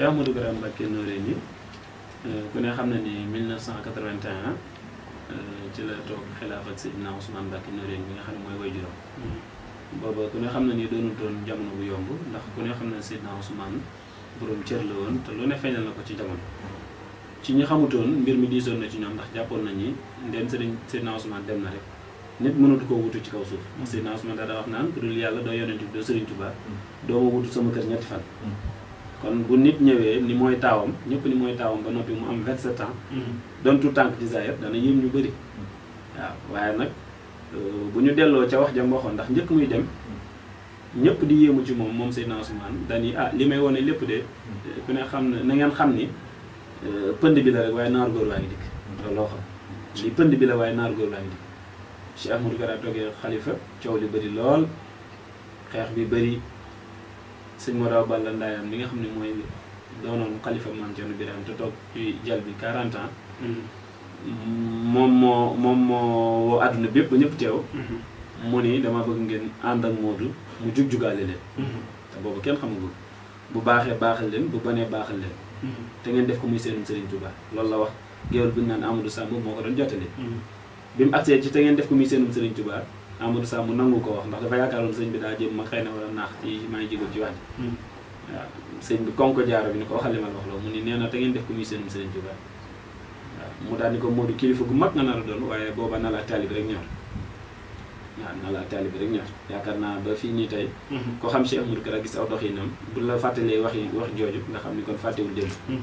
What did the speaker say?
Cheikh Ahmadou Kara Mbacké Noreyni euh, ku ne xam na ni cent 1981 euh, ci la toog xilaaf ak Seydina Ousmane Mbacké Noreyni bi nga xam ne mooy way juróom mm-hmm. booba ku ne xam na ni doonu doon jamono bu yomb ndax ku ne xam na Seydina Ousmane borom cër la woon te lu ne feeñal na ko ci jamono ci ñi xamutoon mbir mi diisoon na ci ñoom ndax jàppoon nañ ni ndem Sëriñ Seydina Ousmane dem na rek nit mënatu koo wutu ci kaw suuf ndax Seydina Ousmane daa wax naan ku dul yàlla doo yonent doo Sëriñ Tuubaa mm-hmm. doo ma wutu kon bu nit ñëwee ni mooy taawam ñëpp ni mooy taawam ba noppi mu am 27 ans. Mm-hmm. doon tout tànk ci saa yëpp dana yéem ñu bëri. waaw waaye nag euh, bu ñu delloo ca wax jam waxoon ndax njëkk muy dem ñëpp di yéemu ci moom moom Seydina Ousmane dañuy ah li may wane lépp de mm-hmm. ku ne xam ne na ngeen xam ni euh, pënd bi la rek waaye naar góor waa ngi dikk. Mm-hmm. looloo xam li pënd bi la waaye naar góor waa ngi dikk Cheikh Ahmadou Kara toogee xalifa coow li bari lool xeex bi bari sëñ Moraw Balla Ndaayam mi nga xam ne mooy doonoon xalifa Maam Cerno Birahim te toog ci jal bi 40 ans moom moo moo àdduna bépp ba ñëpp teew mu ni dama bëgg ngeen ànd ak Moodu mu jug-jugaale leen te boobu kenn xamagul bu baaxee baaxal leen bu banee baaxal leen te ngeen def ko muy seenum Sëriñ Tuubaa loolu la wax géwél bi ñu naan Amadou Samb moo ko doon jottali mm-hmm. bi mu agsee ci te ngeen def ko muy seenum Sëriñ Tuubaa Amadou Sam mu nangu ko wax ndax dafa yaakaaroon sëñ bi daa jëm ma xëy na wala naax ci maa ngi jégul ci wàññi. Hmm. waaw sëñ bi kon ko jaaro bi ni ko waxal li ma wax loolu mu ni nee na te ngeen def ko muy seen sëriñ Tuubaa waaw mu daal ni ko Modou kilifa gu mag nga nar a doon waaye booba na laa taalib rek ñor waaw na laa rek ñor yaakaar naa ba fii nii tey. Hmm. ko xam Cheikh Modou Kara gis aw doxinam bu la fàttalee wax yi wax jooju nga xam ni kon fàttewul démb. Hmm.